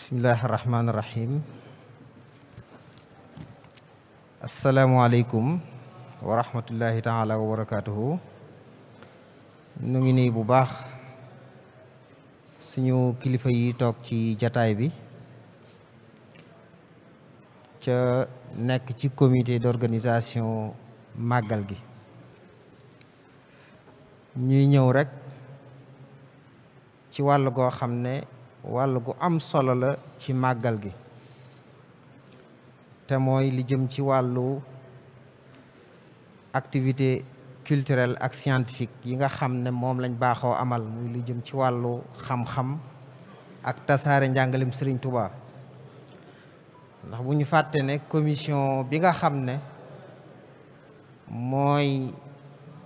bismillahi rahmaani rahim asalaamualeykum wa rahmatullahi taala wa barakatuhu nu ngi nii bu baax suñu kilifa yi toog ci jataay bi ca nekk ci comité d'organisation màggal gi ñuy ñëw rekk ci wàll goo xam ne wàll gu am solo la ci màggal gi te mooy li jëm ci wàllu activité culturel ak scientifique yi nga xam ne moom lañ baaxoo amal muy li jëm ci wàllu xam-xam ak tasaare njàngalim Sëriñ Tuubaa ndax bu ñu fàtte ne commission bi nga xam ne mooy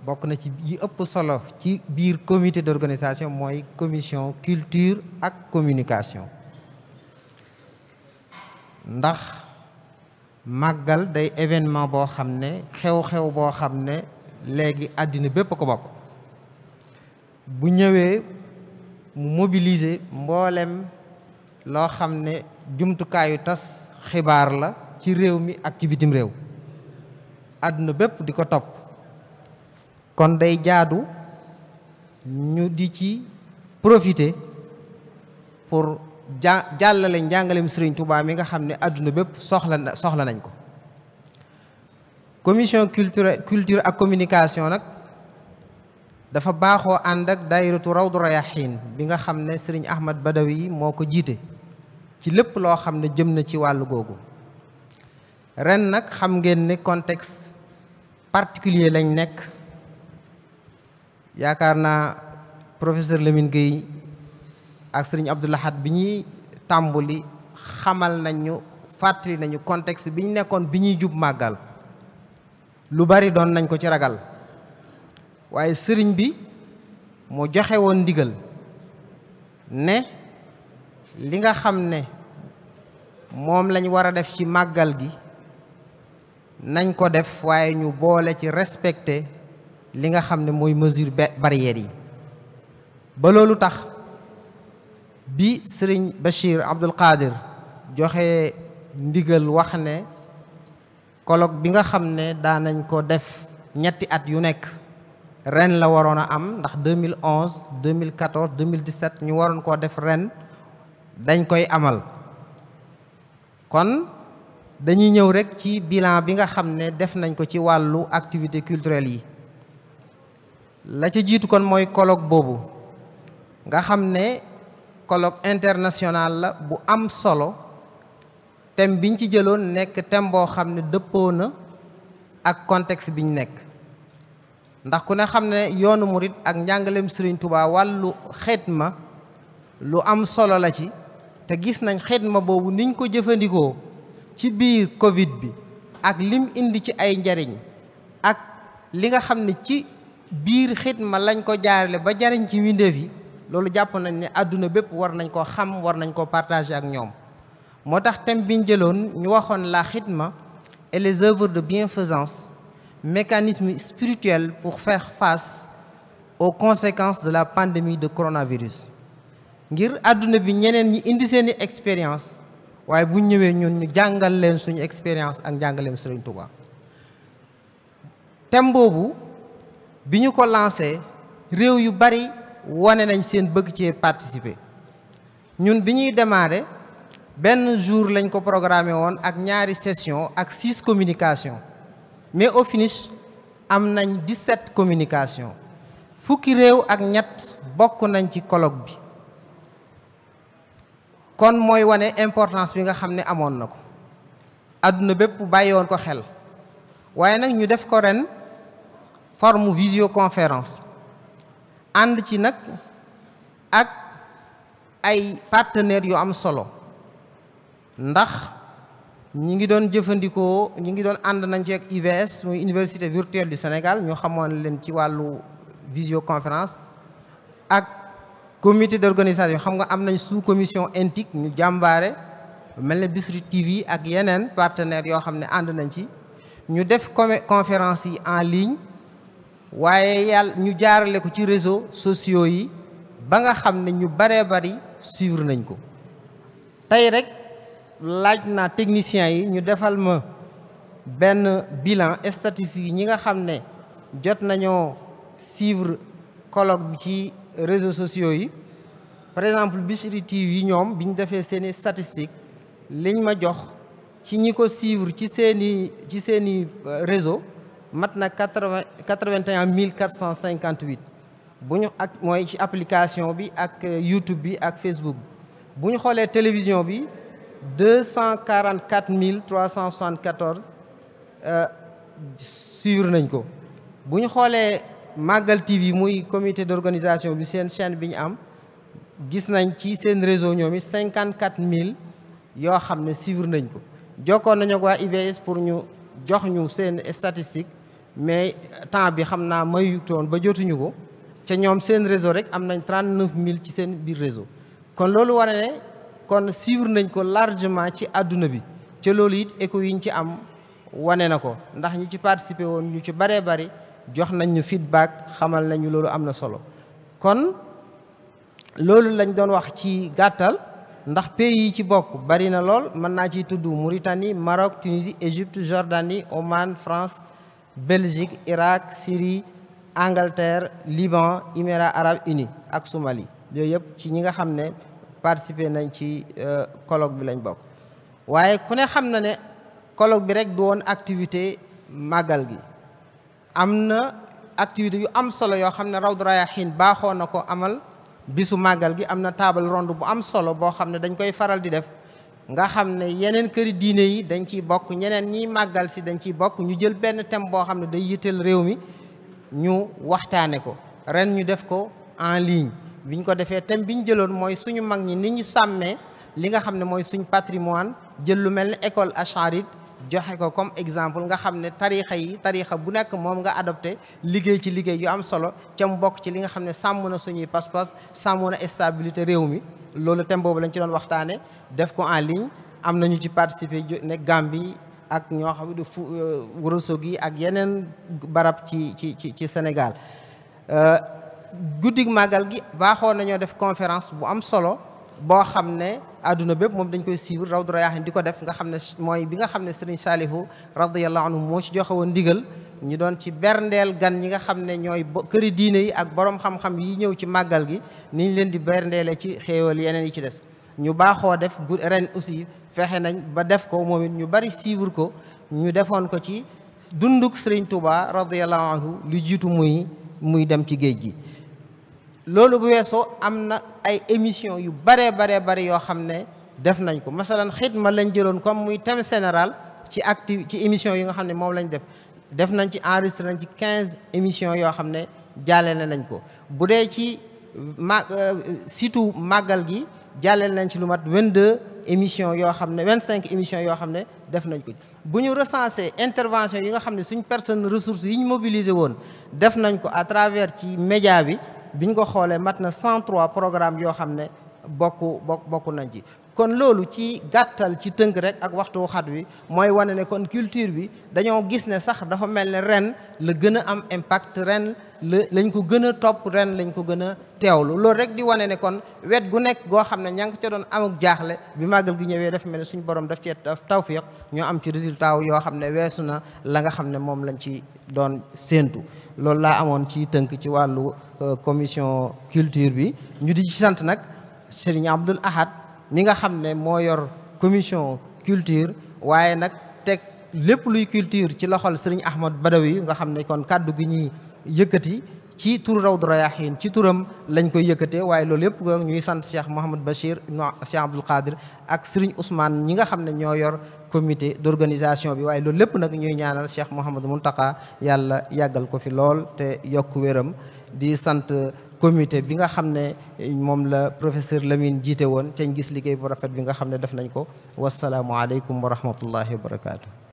bokk na ci yi ëpp solo ci biir comité d'organisation mooy commission culture ak communication ndax màggal day événement boo xam ne xew-xew boo xam ne léegi àddina bépp a ko bokk bu ñëwee mu mobiliser mboolem loo xam ne jumtukaayu tas xibaar la ci réew mi ak ci bitim réew àdduna bépp di ko topp kon day jaadu ñu di ci profiter pour ja jàllale njàngaleem Sëriñ Tuubaa yi nga xam ne àdduna bépp soxla soxla nañ ko commission culture culture ak communication nag dafa baaxoo ànd ak daayiratu Rawdu Rayaahiin bi nga xam ne Sëriñ Ahmad Badawi moo ko jiite ci lépp loo xam ne jëm na ci wàllu googu ren nag xam ngeen ne contexte particulier lañ nekk yaakaar naa professeur Lamine Gueye ak sëriñ Abdou Lahad bi ñuy tàmbuli xamal nañu fàttali nañu contexte bi ñu nekkoon bi ñuy jub màggal lu bari doon nañ ko ci ragal waaye sëriñ bi mu joxe woon ndigal ne li nga xam ne moom lañu war a def ci màggal gi nañ ko def waaye ñu boole ci respecté li nga xam ne mooy mesure barrières yi ba loolu tax bi sëriñ Bachir Abdul Qadir joxe ndigal wax ne colloque bi nga xam ne daanañ ko def ñetti at yu nekk ren la waroon a am ndax 2011 2014 2017 ñu waroon koo def ren dañ koy amal kon dañuy ñëw rek ci bilan bi nga xam ne def nañ ko ci wàllu activité culturelle yi la ca jiitu kon mooy colloque boobu nga xam ne colloque international la bu am solo thème biñ ci jëloon nekk thème boo xam ne dëppoo na ak contexte biñ nekk ndax ku ne xam ne yoonu murit ak njàngaleem Serigne Touba xeet ma lu am solo la ci te gis nañ xeet ma boobu niñ ko jëfandikoo ci biir Covid bi ak lim indi ci ay njariñ ak li nga xam ne ci biir xidma lañ ko jaarale ba jariñ ci windeef yi loolu jàpp nañ ne àdduna bépp war nañ koo xam war nañ koo partager ak ñoom moo tax thème bi ñu jëloon ñu waxoon la xidma et les œuvres de bienfaisance mécanisme spirituel pour faire face au conséquence de la pandémie de coronavirus ngir àdduna bi ñeneen ñi indi seeni expérience waaye buñ ñëwee ñun ñu jàngal leen suñu expérience ak jàngal leen Sëriñ Tuubaa thème boobu bi ñu ko lancé réew yu bari wane nañ seen bëgg cee participer ñun bi ñuy démarré benn jour lañ ko programmé woon ak ñaari session ak six communication mais au finish am nañ di set communication fukki réew ak ñett bokk nañ ci colloque bi kon mooy wane importance bi nga xam ne amoon na ko àdduna bépp bàyyi woon ko xel waaye nag ñu def ko ren forme visioconférence ànd ci nag ak ay partenaires yu am solo ndax ñi ngi doon jëfandikoo ñi ngi doon ànd nañ ci ak UVS muy université virtuelle du Sénégal ñu xamoon leen ci wàllu visioconférence ak comité d'organisation xam nga am nañ sous commission intique ñu jàmbaare mel ne Bichri TV ak yeneen partenaires yoo xam ne ànd nañ ci ñu def conférence yi en ligne waaye yàlla ñu jaarale ko ci réseaux sociaux yi ba nga xam ne ñu baree bari suivre nañ ko tey rek laaj na techniciens yi ñu defal ma benn bilan statistique yi ñi nga xam ne jot nañoo suivre colloque bi ci réseaux sociaux yi par exemple Bichri yi ñoom bi ñu defee seeni statistique liñ ma jox ci ñi ko suivre ci seeni ci seeni euh, réseau mat na quatre-vingt-un mille quatre cent cinquante-huit bu ñu ak mooy ci application bi ak euh, YouTube bi ak Facebook bu ñu xoolee télévision bi deux cent quarante-quatre mille trois cent soixante-quatorze euh, suivre nañ ko bu ñu xoolee Magal TV muy comité d'organisation bi seen chaîne bi ñu am gis nañ ci seen réseau ñoom it cinquante-quatre mille yoo xam ne suivre nañ ko jokkoon nañu ak waa pour ñu jox ñu seen statistique mais temps bi xam naa mayutoon ba jotuñu ko ca ñoom seen réseau rek am nañ mille ci seen biir réseau kon loolu wane ne kon suivre nañ ko largement ci àdduna bi ca loolu it éco yi ñu ci am wane na ko ndax ñu ci participé woon ñu ci baree bari jox nañ ñu feedback xamal nañu loolu am na solo kon loolu lañ doon wax ci gàttal ndax pays ci bokk bari na lool mën naa ciy tudd Mauritanie Maroc Tunisie Égypte Jordanie Oman France Belgique Irak Syrie Angleterre Liban Émirats arabes unis ak Somalie yooyu yëpp ci ñi nga xam ne participer nañ ci euh, colloque bi lañ bokk waaye ku ne xam na ne colloque bi rek du woon activité màggal gi am na activité yu am solo yoo xam ne Rawdu Rayaahiin baaxoo na ko amal bisu màggal gi am na table ronde bu am solo boo xam ne dañ koy faral di def nga xam ne yeneen këri diine yi dañ ciy bokk ñeneen ñiy màggal si dañ ciy bokk ñu jël benn thème boo xam ne day yitteel réew mi ñu waxtaane ko ren ñu def ko en ligne biñ ko defee thème bi ñu jëloon mooy suñu mag ñi ni ñu sàmmee li nga xam ne mooy suñ patrimoine jël lu mel ni école acharite joxe ko comme exemple nga xam ne tarixa yi tarixa bu nekk moom nga adopté liggéey ci liggéey yu am solo ca mu bokk ci li nga xam ne sàmm na suñuy pas-pas sàmm na stabilité réew mi loolu thème boobu lañ ci doon waxtaane def ko en ligne am nañu ci participer ne Gambie ak ñoo xam ne fu Wourossogui euh, gi ak yeneen barab ci ci ci ci Sénégal euh, guddig màggal gi baaxoo nañoo def conférence bu am solo boo xam ne àdduna bépp moom dañ koy suivre Rawdu Rayaahin di ko def nga xam ne mooy bi nga xam ne Serigne Salihu radiyallahu anhu moo ci joxe woon ndigal ñu doon ci berndeel gan ñi nga xam ne ñooy këri diine yi ak borom xam-xam yi ñëw ci màggal gi ni leen di berndeele ci xéewal yeneen yi ci des ñu baaxoo def gu ren aussi fexe nañ ba def ko moom it ñu bari suivre ko ñu defoon ko ci dunduk Serigne Touba radiyallahu anhu lu jiitu muy muy dem ci géej gi loolu bu weesoo am na ay émission yu baree baree bari yoo xam ne def nañ ko masalan xidma lañ jëloon comme muy thème général ci acti ci émission yi nga xam ne moom lañ def def nañ ci enregistré nañ ci quinze émissions yoo xam ne jàllale nañ ko bu dee ci ma euh, surtout màggal gi jàllale nañ ci lu mat 22 émissions yoo xam ne 25 émissions yoo xam ne def nañ ko bu ñu recensé intervention yi nga xam ne suñ personne ressource yi ñu mobilisé woon def nañ ko à travers ci média bi bi ñu ko xoolee mat na 103 programme yoo xam ne bokk bokk bokk nañ ci kon loolu ci gàttal ci tënk rek ak waxtu xat wi mooy wane ne kon culture bi dañoo gis ne sax dafa mel ne ren la gën a am impact ren la lañ ko gën a topp ren lañ ko gën a teewlu loolu rek di wane ne kon wet gu nekk goo xam ne ña ngi ca doon am jaaxle bi màggal gi ñëwee dafa mel ne suñu borom daf cee tawfiq ñoo am ci résultat yoo xam ne weesu na la nga xam ne moom lañ ci doon séentu loolu laa amoon ci tënk ci wàllu euh, commission culture bi ñu di ci sant nag Serigne Abdoul mi nga xam ne moo yor commission culture waaye nag teg lépp luy culture ci loxol sëriñ Ahmad Badawi nga xam ne kon kàddu gi ñuy yëkkati ci tur Rawdu Rayaahiin ci turam lañ koy yëkkatee waaye loolu yëpp ñuy sant Cheikh Mouhamad Bachir Cheikh Abdoul Qadir ak sëriñ Ousmane ñi nga xam ne ñoo yor comité d'organisation bi waaye loolu lépp nag ñuy ñaanal Cheikh Mouhamad Muntaka yàlla yàggal ko fi lool te yokk wéram di sant comité bi nga xam ne eh, moom la professeur Lamine jiite woon cañ gis liggéey bu rafet bi nga xam ne def nañ ko wasalaamualeykum wa rahmatullahi wa barakaatu.